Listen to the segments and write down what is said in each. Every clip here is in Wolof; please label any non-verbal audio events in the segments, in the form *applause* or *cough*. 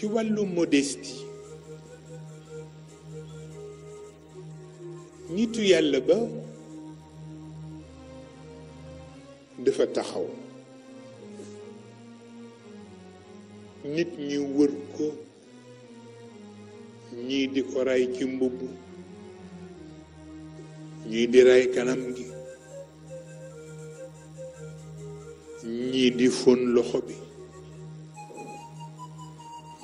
ci walu modestie nitu yàlla ba dafa taxaw nit ñi wër ko ñi di ko ray ci mbubb ñi di ray kanam gi ñii di fon loxo bi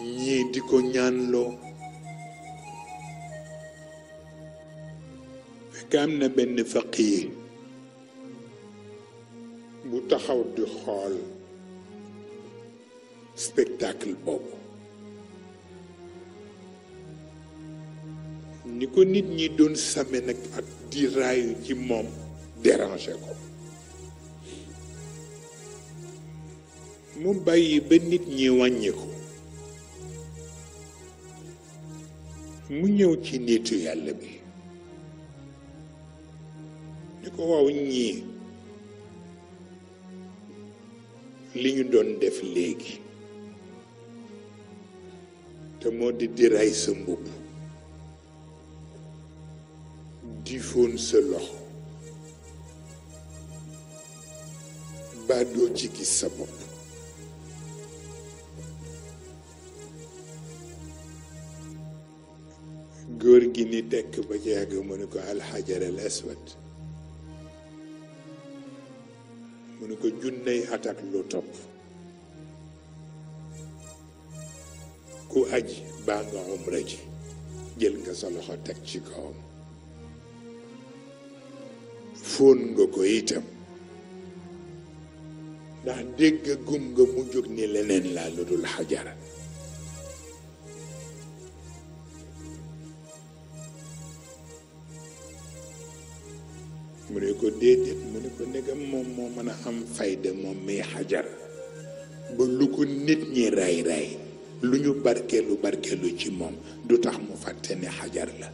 ñii di ko ñaanloo fekk am na benn faqiir bu taxaw di xool spectacle boobu ni ko nit ñi doon same nag ak di raayu ci moom dérangé ko mu bàyyi ba nit ñi wàññi mu ñëw ci niitu yàlla bi ni ko waaw ñii li ñu doon def léegi te moo di di ray sa mbubb di sa loxo ba doo ci gis sa bopp دك بجاك منكو على الحجر الأسود منكو جني أتاك لطب كو أج بان عمرك جل كسل خاتك شكاهم فون غوكو نحن دك غنغ موجوك نيلنين لا الحجرات mu ne ko déedéet mu ne ko ndegam moom moo mën a am fayda moom mi xajar ba lu ko nit ñi raay raay lu ñu barkeelu barkeelu ci moom du tax mu fàtte ne xajar la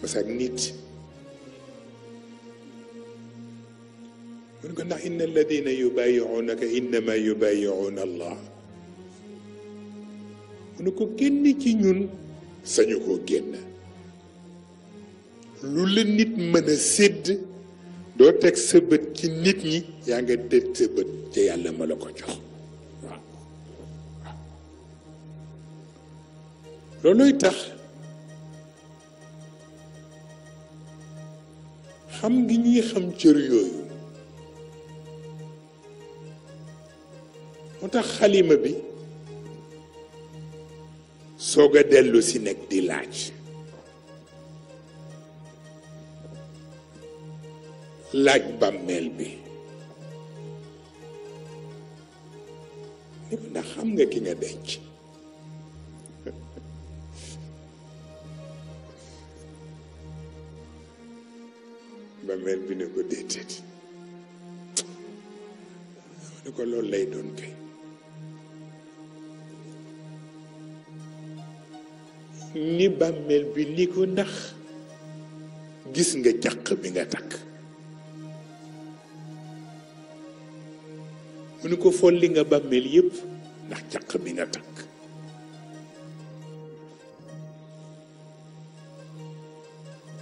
parce que nit mun ko ndax inna alladina yubayiunaka innama yubayiuna allah mu ne ko génn ci ñun sañu koo génn lu la nit mën a sédd doo teg sa bët ci nit ñi yaa nga teg sa bët ca yàlla ma la ko jox waaw looluy tax xam ngi ñuy xam cër yooyu moo tax xalima bi soog a dellu si nekk di laaj laaj bàmmeel bi ni ko ndax xam nga ki nga denc *laughs* bàmmeel bi ne ko déedéet lay doon ni bàmmeel bi ni ko ndax gis nga caq bi nga takk mu ne ko folli nga bàmmeel yépp ndax caq bi nga takk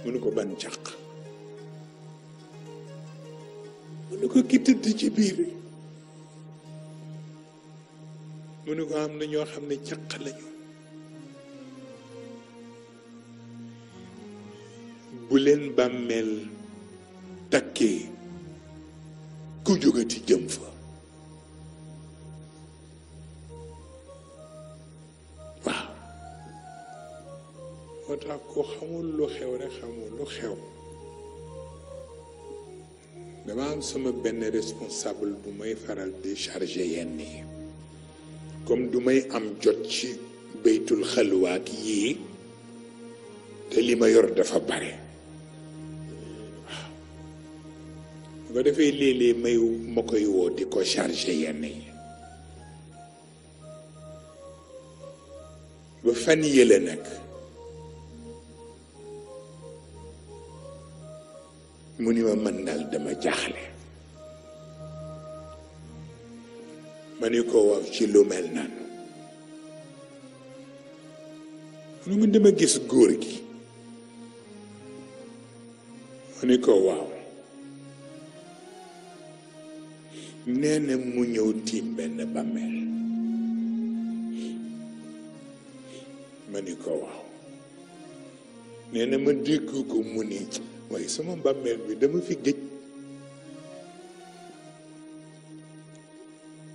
mu ne ko ban caq mu ne ko ki tëdd ci biir mu ne ko am na ñoo xam ne caq lañu bu leen bàmmeel takkee ku jógati jëm fa moo tax ku xamul lu xew rek xamul lu xew dama am sama benn responsable bu may faral di chargé yenn yi comme du may am jot ci baytul xalwaak yii te li ma yor dafa bare waaw bu ko defee léeg-léeg may ma koy woo di ko chargé yenn yi ba fan yële nag mu ni ma man daal dama jaaxle ma ni ko waaw ci lu mel naan mu dama gis góor gi ma ni ko waaw nee na mu ma ko dégg ko mu ni waaye sama mbàmmeel bi dama fi géej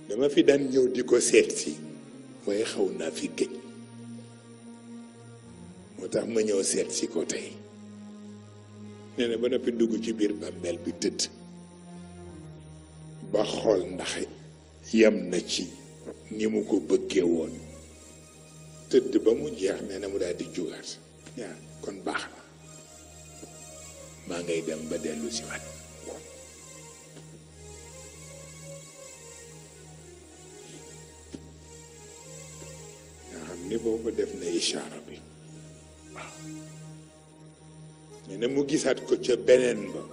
dama fi daan ñëw di ko seet si waaye xaw naa fi géej moo tax ma ñëw seet si ko tey nee ba noppi dugg ci biir bàmmeel bi tëdd ba xool ndax yam na ci ni mu ko bëggee woon tëdd ba mu jeex nee mu daal di jugaat waaw kon baax na maa ngay dem ba dellu si waat nga xam ni boobu def na ishaara bi waaw nee na mu gisaat ko ca beneen ba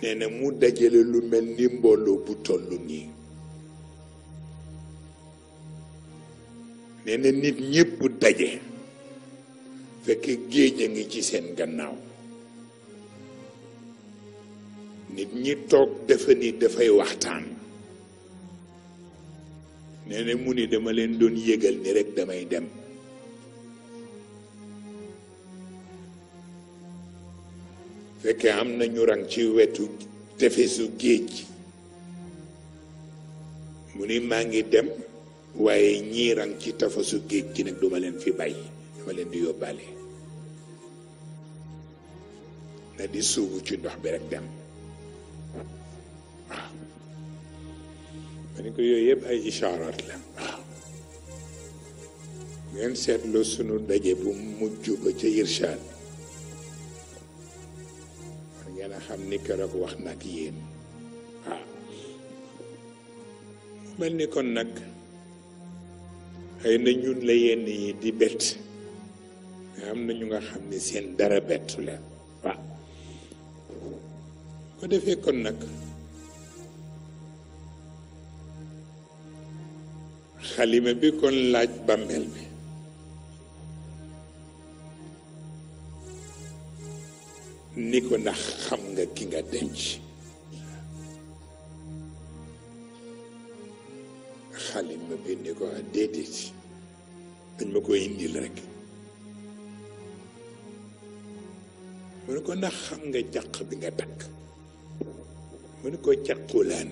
nee na mu dajale lu mel ni mbooloo bu toll nii nee na nit ñépp daje fekk géej a ngi ci seen gannaaw nit ñi toog dafa ni dafay waxtaan nee na mu ni dama leen doon yëgal ni rekk damay dem fekke am na ñu rang ci wetu tefesu géej mu ni maa ngi dem waaye ñii rang ci tafasu géej gi nag duma leen fi bay dama di yóbbaale na di suubu ci ndox bi rek dem waaw ma ni ko yooyu yëpp ay ishaaraat la ngeen seetloo sunu daje bu mujj ba ca irshaad ngeen a xam ni keroog wax nag yéen waaw mel ni kon nag xëy na ñun la yenn yi di bett am na ñu nga xam ne seen dara bett la waaw ko defee kon nag xalima bi kon laaj bàmbeel bi ni ko ndax xam nga ki nga denc xalima bi ni ko déedéet dañ ma koy indil rek mu ne ko ndax xam nga jàq bi nga takk mu ne ko jàqulaan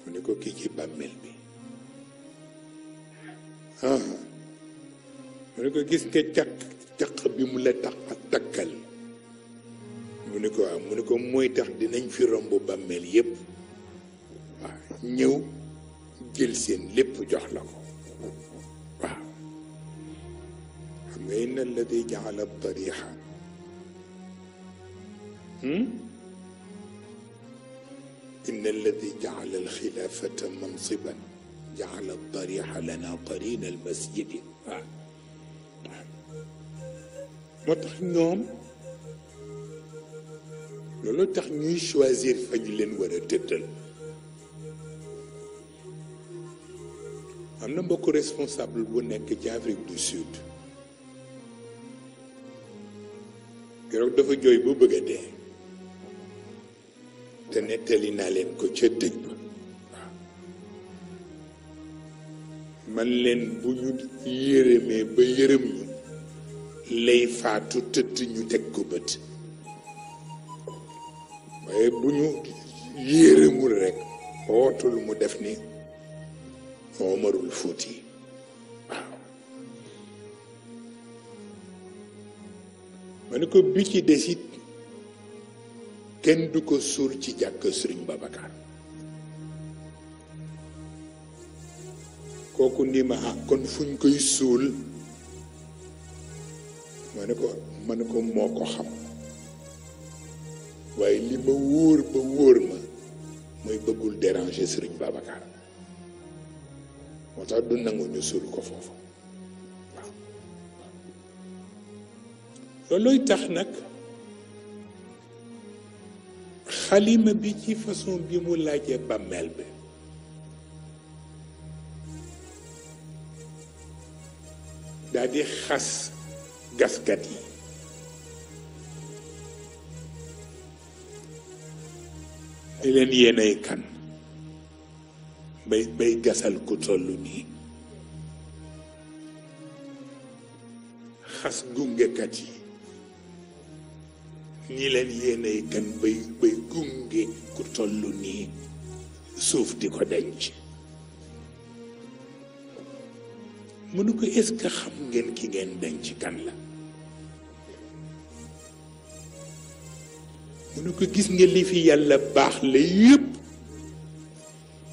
mu ne ko kii ci bàmmeel bi ah mu ne ko gis nga jàq jàq bi mu la tax takkal mu ne ko mu ne ko mooy tax dinañ fi romb bàmmeel yépp waaw ñëw jël seen lépp jox la ko waaw xam nga inna alladi jaala tarixa إن الذي جعل الخلافة منصبا جعل الضريح لنا قرين المسجد موتخ نوم لولو تخ ني شوازير فجلن ورا تتل امنا بوكو ريسبونسابل بو جافريك دو سود كيرو دافا جوي بو بوغا nettali naa leen ko ca dëj man leen bu ñu yërëmee ba yërëm ñu lay faatu tëdd ñu teg ko bët waaye bu ñu yërëmul rek wootul mu def ni Omarul Fuuti waaw ma ne ko bi ci desit kenn du ko suul ci jàkk Sëriñ Babacar kooku ni ma ah kon fuñ koy suul ma ne ko ma ne ko moo ko xam waaye li ma wóor ba wóor ma mooy bëggul déranger Sëriñ Babacar moo tax du nangu ñu suul ko foofu waaw tax nag xalima bi ci façon bi mu laajee bàmmeel bi daal di xas gaskat yi di leen yéenay kan bay bay gasal ku toll nii xas gungekat yi nii leen yéenay kan bay bay gunge ku toll nii suuf di ko denc mënu ko est-ce xam ngeen ki ngeen denc kan la mënu ko gis nga li fi yàlla baax la yépp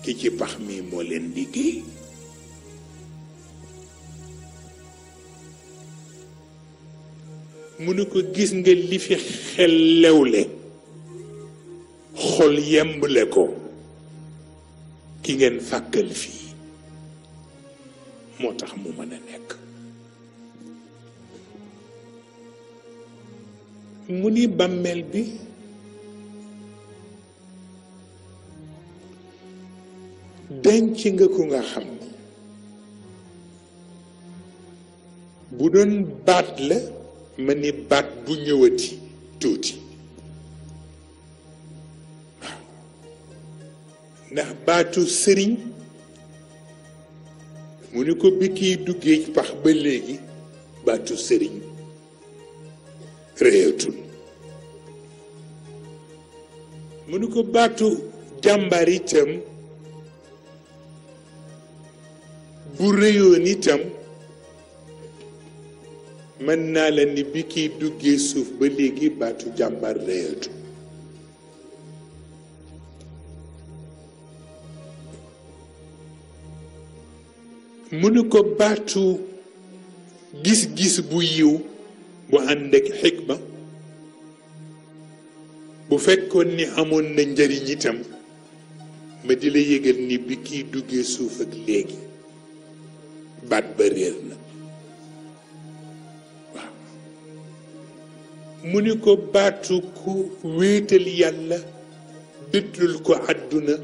ki ci pax mi moo leen liggéey mu ne ko gis nga li fi xel lewle xol yembale ko ki ngeen fàkkal fii moo tax mu mën a nekk mu ni bàmmeel bi denc nga ko nga xam bu doon baat la ma baat bu ñëwati tuuti ndax baatu sëriñ mu ni ko bi kiy duggee pax ba léegi baatu sëriñ réyatul mu ni ko baatu jàmbaar itam bu réyoon itam mën naa la ni bi kiy duggee suuf ba léegi baatu jàmbar mu ni ko baatu gis-gis bu yiw bu ànd ak xikma bu fekkoon ni amoon na njëriñ itam ma di la yëgal ni bi kiy duggee suuf ak léegi baat ba réer na mu ni ko baatu ku wéetal yàlla dëddul ko àdduna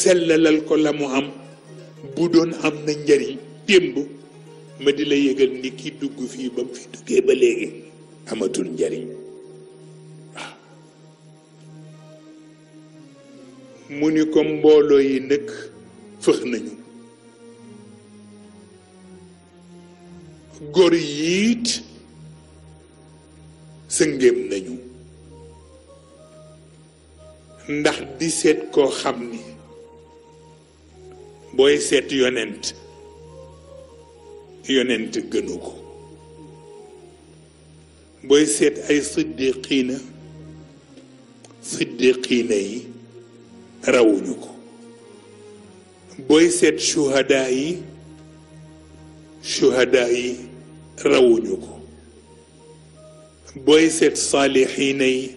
sellalal ko la mu am bu doon am na njariñ démb ma di la yëgal ni ki dugg fii ba mu duggee ba léegi amatul njariñ mu ni ko mbooloo yi nag fëx nañu góor yiit sëngéem nañu ndax di seet koo xam ni booy seet yonent yonent gënu ko booy seet ay siddiqiina siddiqiina yi rawuñu ko booy seet shuhadaa yi shuhadaa yi rawuñu ko booy seet saalixiina yi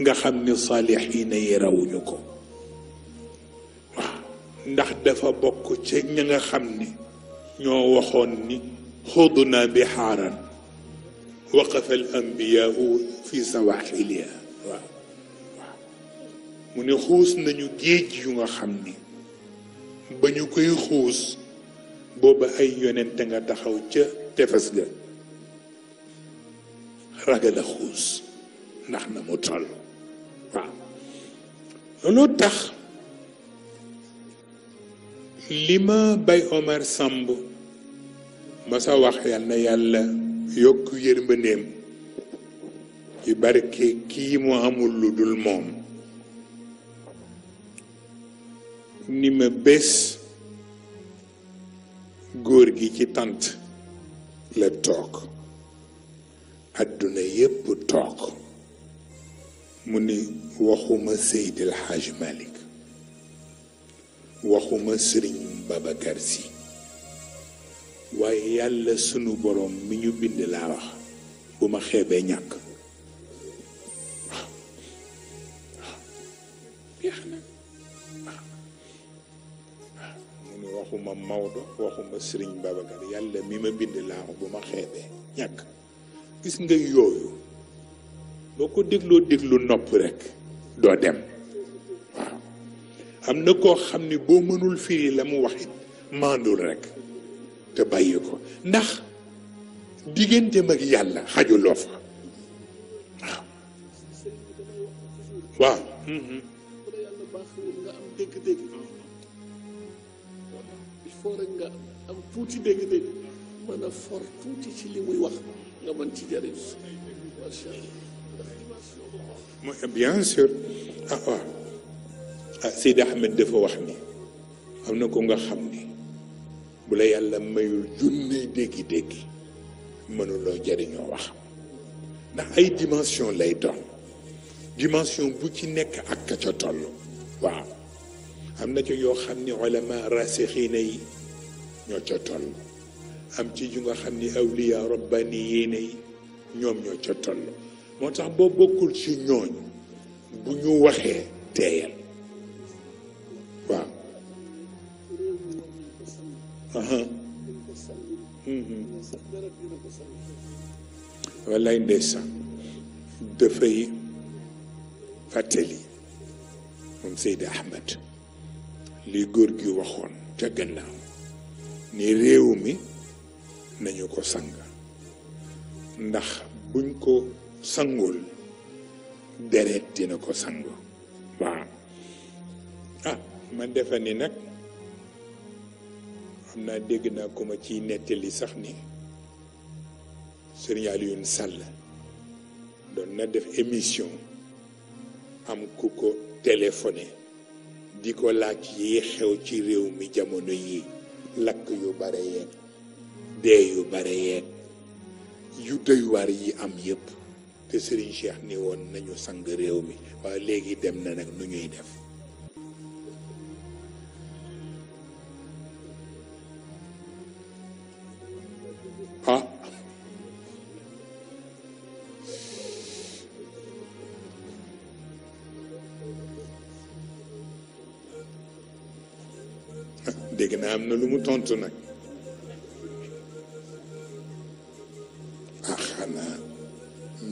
nga xam ni saalixiina yi rawuñu ko waaw ndax dafa bokk ci ña nga xam ni ñoo waxoon ni xudna bixaaran waqafa al ambiyaau fi sawaxiliha waaw waaw mu ne xuus nañu géej yu nga xam ni ba ñu koy xuus booba ay yonente nga taxaw ca tefes ga ragal ndax na mu toll looloo tax li ma bay Omar Samb ma sa wax yal yàlla yokk yërmandeem ci barke kii mu amul lu dul moom ni ma bés góor gi ci tànt la toog aduna yépp toog mu ni waxuma Seydil Hadj malik waxuma sëriñ baba garsi waaye yàlla sunu borom mi ñu bind laa wax bu ma xeebee ñàkk waxuma Maodo waxuma Serigne Babacar yàlla mi ma bind laa wax bu ma xeebee ñàkk gis nga yooyu boo ko dégloo déglu nopp rek doo dem waaw am na koo xam ni boo mënul firi la mu waxit mandul rek te bàyyi ko ndax digganteem ak yàlla xaju xajuloo fa waaw waaw am tuuti dégg-dégg mën a for tuuti ci li muy wax nga mën ci jëriñ bien sûr ah waaw ah, ah Seydi Ahmed dafa wax ni am na ko nga xam ni bu la yàlla mayul junney déggi-déggi mënuloo jariñoo wax ndax ay dimension lay doon dimension bu ci nekk ak ka ca toll waaw am na ca yoo xam ni ulama rasixiina yi ñoo ca toll am ci ju nga xam ni awliya rabbani yéene ñoom ñoo ca toll moo tax boo bokkul ci ñooñu bu ñu waxee teeyal waaw mm-hmm. wallaay ndeysaan dafay fàttali moom Seydi Ahmed li góor gi waxoon ca gannaaw ni réew mi nañu ko sang ndax buñ ko sangul deret dina ko sang waaw ah ma defe ni nag am naa dégg naa ko ciy nettali sax ni Serigne Alioune sàll doon na def émission am ku ko téléphoné di ko laaj yi xew ci réew mi jamono yi lakk yu bare yeeg dee yu bare yu doy yi am yépp te Serigne Cheikh ni woon nañu sang réew mi waaye léegi dem na nag nu ñuy def ah *laughs* dégg naa am na lu mu tontu nag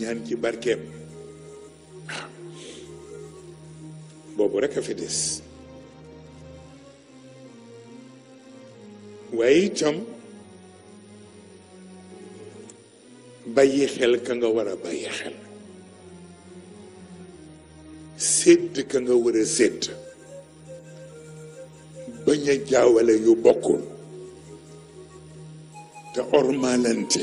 ñaan ci barkeem waaw boobu rek a fi des waaye itam bàyyi xel ka nga war bàyyi xel sédd ka nga war a bañ a jaawale yu bokkul te ormalante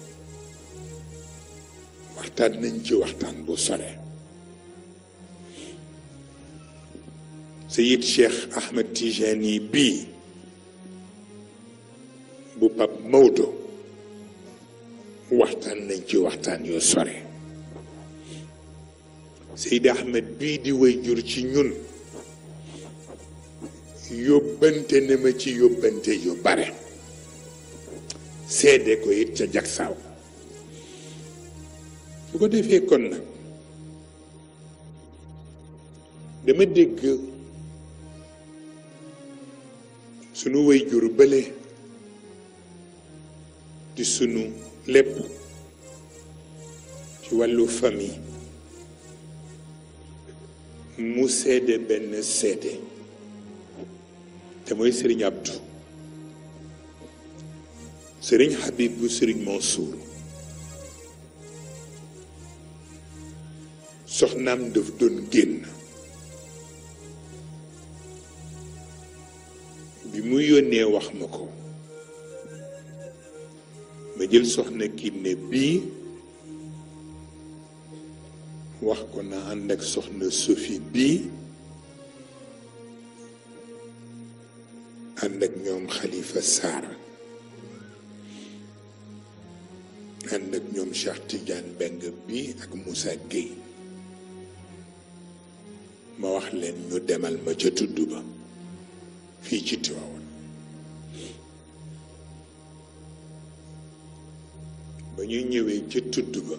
waxtaan nañ ci waxtaan bu sore Seyid Cheikh Ahmed Tijani bii bu Pape Maodo waxtaan nañ ci waxtaan yu sore Seyid Ahmed bii di way jur ci ñun yóbbante na ma ci yóbbante yu bare seede ko it ca jagsaaw su ko defee kon nag dama dégg sunu way juru bële di sunu lépp ci wàllu famille mu seede benn seede te mooy Serigne Abdou Serigne Habib bu Serigne Mansour soxnam daf doon génn bi mu yónnee wax ma ko ma jël soxna kinne bii wax ko na ànd ak soxna sofi bii ànd ak ñoom Khalifa Sarr ànd ak ñoom Cheikh Tidiane Mbengue bii ak Moussa Gueye leen ñu demal ma ca tudd ba fii ci Tiwaawan ba ñu ñëwee ca tudd ba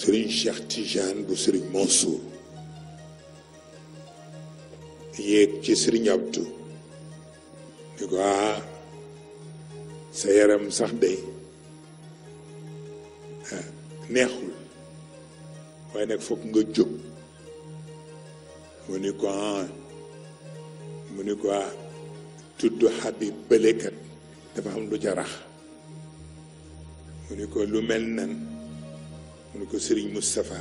sëriñ Cheikh Tijaan bu sëriñ Mansour yéeg ci sëriñ Abdou ni ko ah sa yaram sax day ah, neexul waaye nag foog nga jóg mu ni ko ah mu ni ko ah, tudd Habib bëlekat dafa am lu jarax mu ni ko lu mel nan mu ni ko sëriñ Moustapha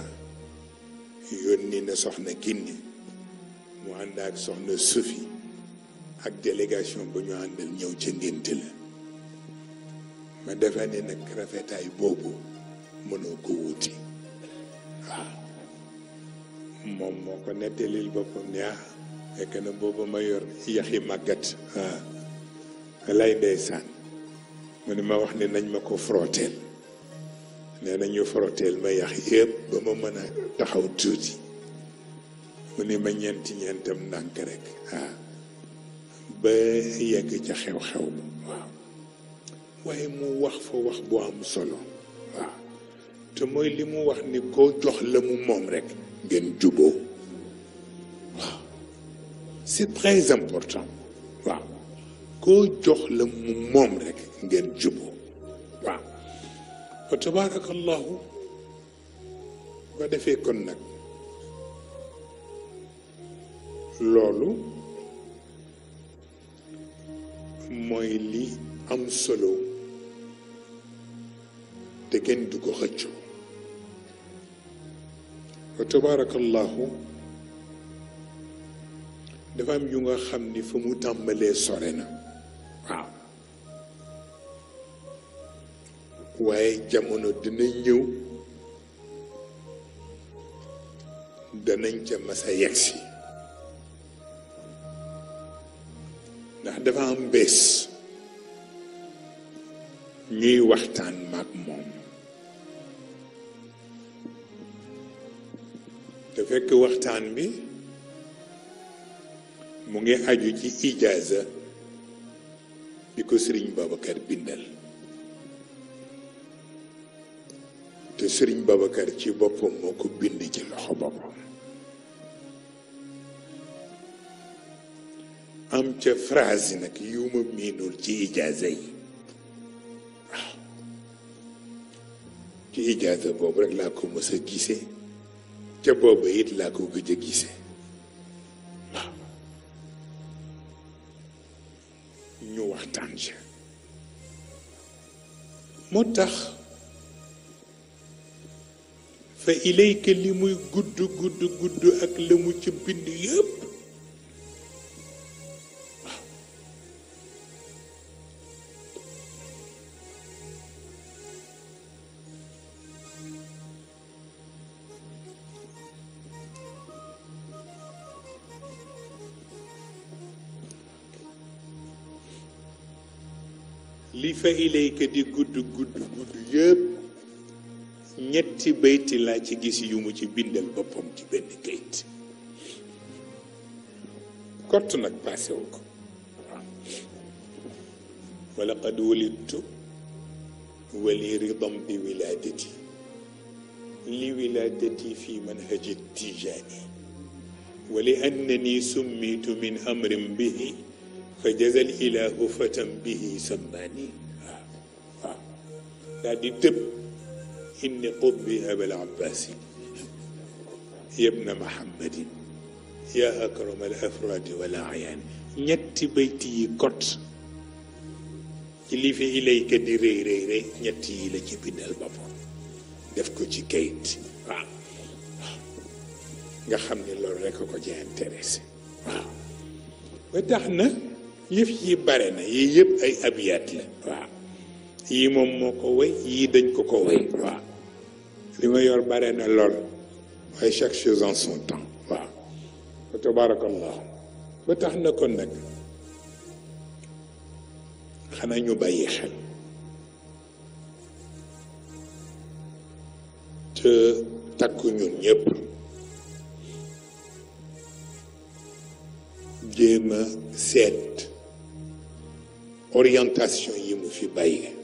yónni na soxna Kinni mu ànd ak soxna Sophie ak délégation bu ñu àndal ñëw ci ngénte la ma defe nag rafetaay boobu mënoo ko wuti moom moo ko nettalil boppam ne ah fekk na booba ma yor yaxi màggat ah lay ndeysaan mu ne ma wax ni nañ ma ko frotteel ne nañu ñu frotteel ma yax yëpp ba ma mën a taxaw tuuti mu ne ma ñeenti ñeentam ndànk rek ah ba yegg ca xew-xew ba waaw waaye mu wax fa wax boo am solo te moy limu wax ni ko jox la mu moom rek ngeen juboo c'est très important wa ko jox la mu moom rek ngeen juboo wa wa tabarakallah ba defé kon nag loolu moy li am solo te ken du ko xëccoo fa tabaarakallaahu dafa am yu nga xam ni fa mu tàmbalee sore na waaw waaye jamono dina ñëw danañ ca mas yegsi ndax dafa am bés ñuy waxtaan maag moom fekk waxtaan bi mu ngi aju ci ijaaza di ko sëriñ Babacar bindal te sëriñ Babacar ci boppam moo ko bind ci loxo boppam am ca phrase nag yu ma miinul ci ijaaza yi waaw ci ijaaza boobu rek laa ko mës a ca boobu it laa ko gëj a gisee ñu waxtaan ci moo tax fa ilayka li muy gudd gudd gudd ak la mu ci bind yëpp ilayka di gudd gudd gudd yëpp ñetti bayti laa ci gis yu mu ci bindal boppam ci benn kayit kott nag passé wu ko wala qad wulidtu wali ridam bi wiladati li wiladati fi manhaji tijani ولأنني سميت من أمر به فجزى الإله فتى به سماني دي تب إني قضبي أبا العباس يا ابن محمد يا أكرم الأفراد والأعيان نتي بيتي كوت اللي في إليك دي ري ري ري نتي إليك بين البابا دفكو جي كيت nga xam ne loolu rek ko ci intéressé waaw ba tax na yëf yi bare na yi yëpp ay abiyat la waaw yii moom moo ko woy yii dañ ko ko woy waaw li ma yor bare na lool waaye chaque chose en son temps waaw fa ba tax na kon nag xanaa ñu bàyyi xel te takku ñun ñëpp jéem seet orientation yi mu fi bàyyi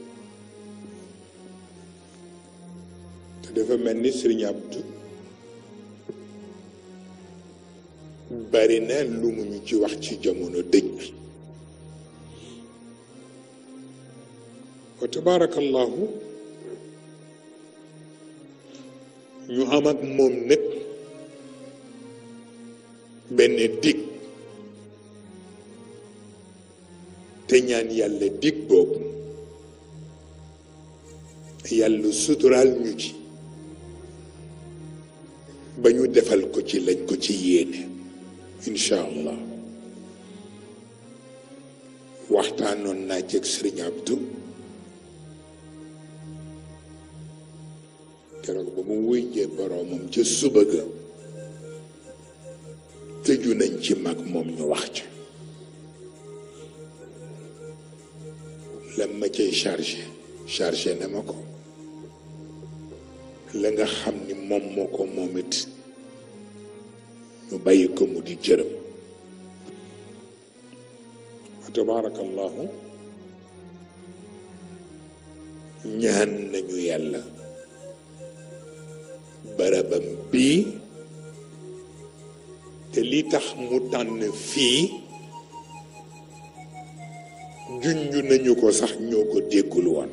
dafa mel ni sëriñ Abdu bari na lu mu ñu ci wax ci jamono dëj bi wa tabaarakallahu ñu am ak moom nag benn dig te ñaan yàlla dig boobu yàlla suturaal ñu ci ba ñu defal ko ci lañ ko ci yéene incha allah waxtaanoon naa ceeg sëriñ Abdou keroog ba mu wuyjee boroomam ca suba ga tëju nañ ci mag moom ñu wax ca lam ma cay chargé chargé na ma ko la nga xam ni moom moo ko moom ñu bàyyi ko mu di jërëm fa tabarakallahu ñaan nañu yàlla barabam bii te lii tax mu tànn fii junj nañu ko sax ñoo ko déggul woon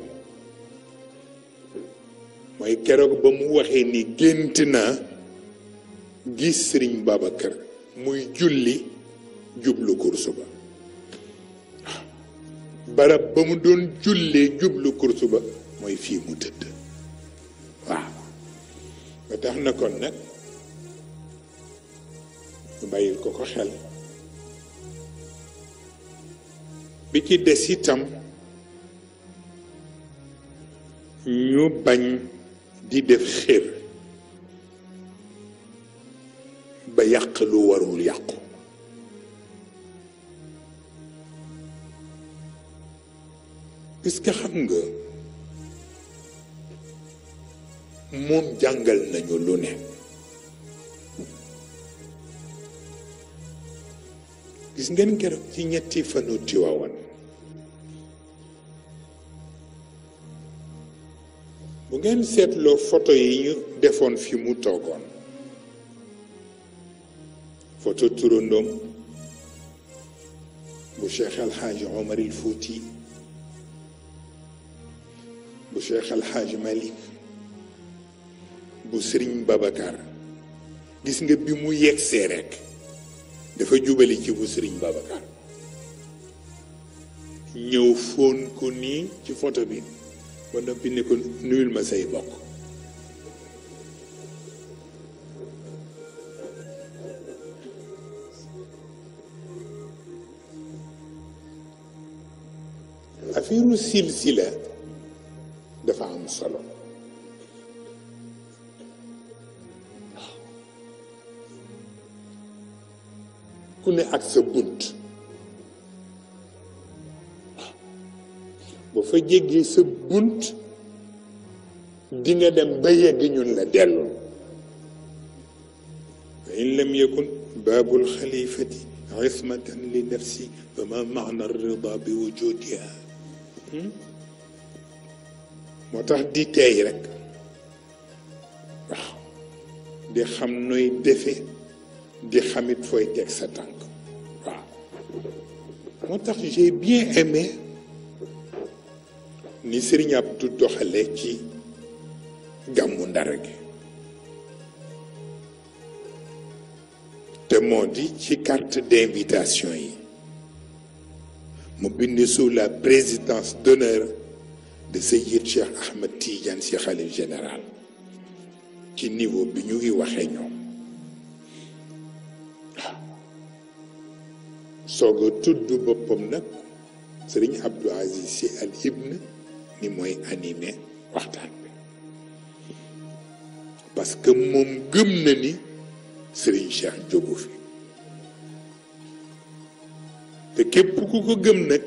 mooy keroog ba mu waxee ni gént naa gis sëriñ Babacar muy julli jublu kursu ba barab ba mu doon jullee jublu kursu ba mooy fii mu tëdd waaw ba tax na kon nag ñu ko ko xel bi ci des itam ñu bañ di def xér yàq lu warul yàqu puisque xam nga moom jàngal nañu lu ne gis ngeen keroog ci ñetti fanu Tiwaawan bu ngeen seetloo photo yi ñu defoon fi mu toogoon كتوتروندوم بشيخ الحاج عمر الفوتي بشيخ الحاج مالك بسرين بابكار جس نجيب بيمو يكسرك دفع جوبلي كي بسرين بابكار نيو فون كوني كي فوتو بين ونبيني كون نويل مساي بوكو أفيرو سلسلة دفع عن الصلاة كوني أكس بنت بفجي سب بنت دينا دم بيا جنون لدل فإن لم يكن باب الخليفة عصمة لنفسي فما معنى الرضا بوجودها Hmm? motax di tay rek waaw di xam noy defé di xamit foy teg sa tank waaw moo j'ai bien aimé ni Sëriñ Abdu doxale ci gàmmu ndara gi te moo di ci carte d'invitation yi mu bind sous la présidence d'honneur de Seyyid Cheikh Ahmed Tidiane Sy xalif général ci niveau bi ñu ngi waxee ñoom waaw soog a tudd boppam Abdou Aziz Sy Al Ibn ni mooy animé waxtaan parce que mon gëm na ni sëriñ Cheikh jógu te képp ku ko gëm nag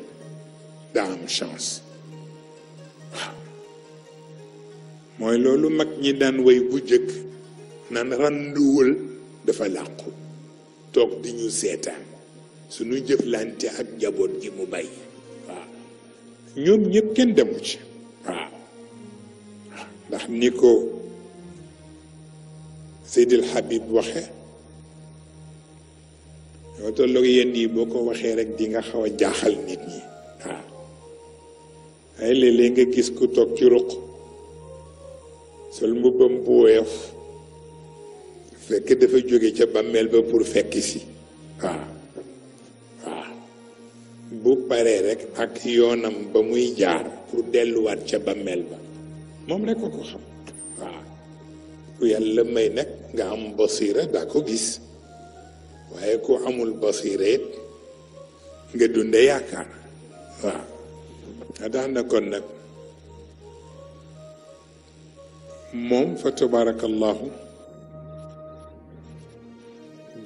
daa am chance waaw mooy loolu mag ñi daan woy bu jëkk naan randuwul dafa làqu toog di ñu seetaan suñu jëflante ak njaboot ji mu bàyyi waaw ñoom ñëpp kenn demu ci waaw ndax ni ko Seydil Habib waxe yoo lo yenn yi boo ko waxee rek di nga xaw a jaaxal nit ñi waaw ay léeg-léeg nga gis ku toog ci ruq sol mbubbam bu woyof fekk dafa jóge ca bàmmeel ba pour fekk si waaw waaw bu paree rek ak yoonam ba muy jaar pour delluwaat ca bàmmeel ba moom rek ko ko xam waaw ku yàlla may nag nga am basira da ko gis waaye ku amul basiira it nga dunde yaakaar waaw a nag moom fa tabarakallahu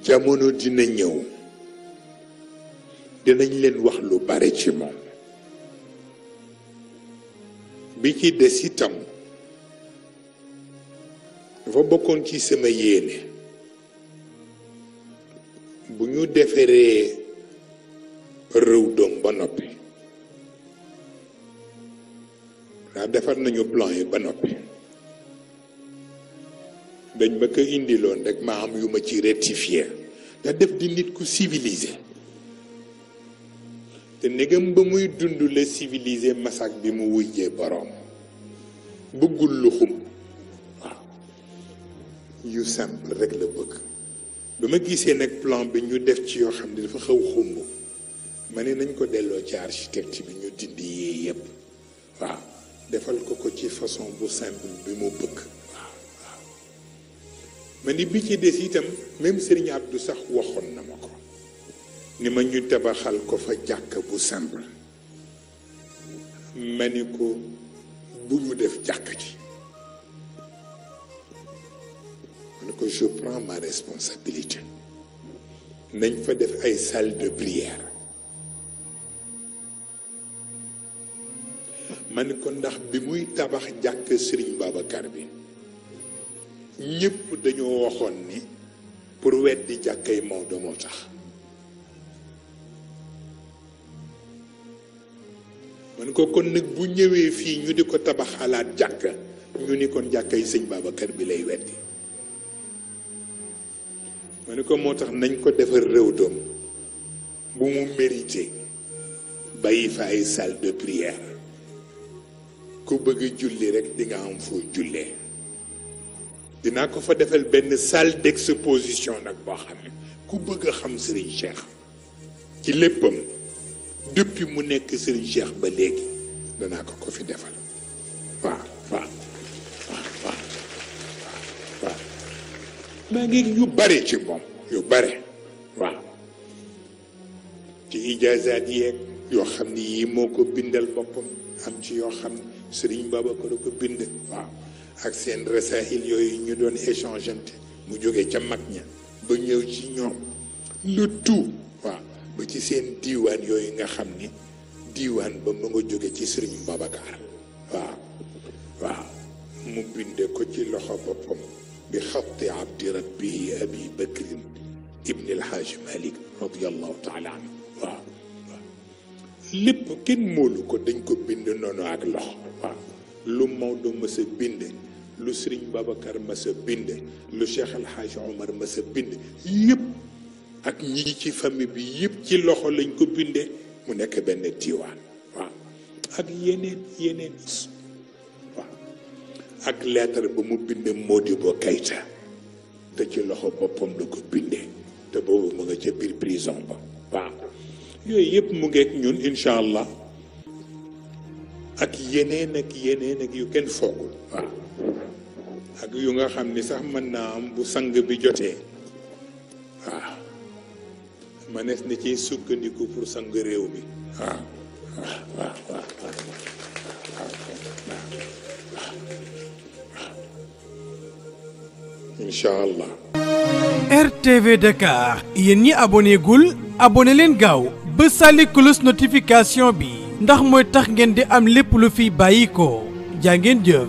jamono dina ñëw dinañ leen wax lu bare ci moom bi ci des itam dafa bokkoon ci sama yéene bu ñu deferee rëw doom ba noppi ndax defar nañu plan ba noppi dañ ma ko indiloon rek maa am yu ma ci rectifier te def di nit ku civilisé te ndegam ba muy dund la civilisé masak bi mu wujjee boroom bëggul lu xum waaw yu simple rek la bëgg ba ma gisee nag plan bi ñu def ci yoo xam ne dafa xaw xumb ma ne nañ ko delloo ci architecte bi ñu dindi yee yépp waaw defal ko ko ci façon bu simple bi mu bëgg waaw ni bi ci des itam même Serigne Abdou sax waxoon na ma ko ni ma ñu tabaxal ko fa jàkk bu simple ma ni ko bu ñu def jàkk ci que je prends ma responsabilité nañ fa def ay salle de prière man ko ndax bi muy tabax jàkk Serigne Babacar bi ñëpp dañoo waxoon ni pour weddi jàkkay Maodo moo tax man ko kon nag bu ñëwee fii ñu di ko tabax alaat jàkk ñu ni kon jàkkay Serigne Babacar bi lay weddi je ne ko montrer tax nañ ko faire bu mérité fa salle de prière ku bëgg julli rek di nga am vous avez vu ko fa defal ben salle d'exposition nak vu xam vous ku xam Serigne Cheikh ci depuis mu que Serigne Cheikh ba que vous ko ko fi maa ngi yu bare ci moom yu bare waaw ci ijaazaat yeeg yoo xam ni yii moo ko bindal boppam am ci yoo xam ne sëriñ Babacar ko bind waaw ak seen rasaahil yooyu ñu doon échangeante mu jógee ca mag ña ba ñëw ci ñoom lu tout ba ci seen diiwaan yooyu nga xam ni diiwaan ba mu nga jóge ci sëriñ Babacar waaw waaw mu binde ko ci loxo boppam بخط عبد ربه أبي بكر ابن الحاج مالك رضي الله تعالى عنه لب كن مولو كو دنكو بند نونو اك لخ لو مودو مسا بند لو بابا كار مسا بند لو الحاج عمر مسا بند ييب اك نيجي تي بيب بي ييب تي لخو لنكو بند مو نيك بن ديوان ak lettre ba mu binde Modibo Keïta te ci loxo boppam la ko bindee te boobu mu nga ca biir prison ba waaw yooyu yëpp mu ngeek ñun incha allah ak yeneen ak yeneen ak yu kenn foogul waaw ak yu nga xam ni sax mën naa am bu sang bi jotee waaw mënees na ci sukkandiku pour sang réew mi waaw waaw waaw incha RTV Dakar yéen ñi aboné aboné leen gaaw ba sàlli kulus notification bi ndax mooy tax ngeen di am lépp lu fi bàyyi ko jaa ngeen jëf.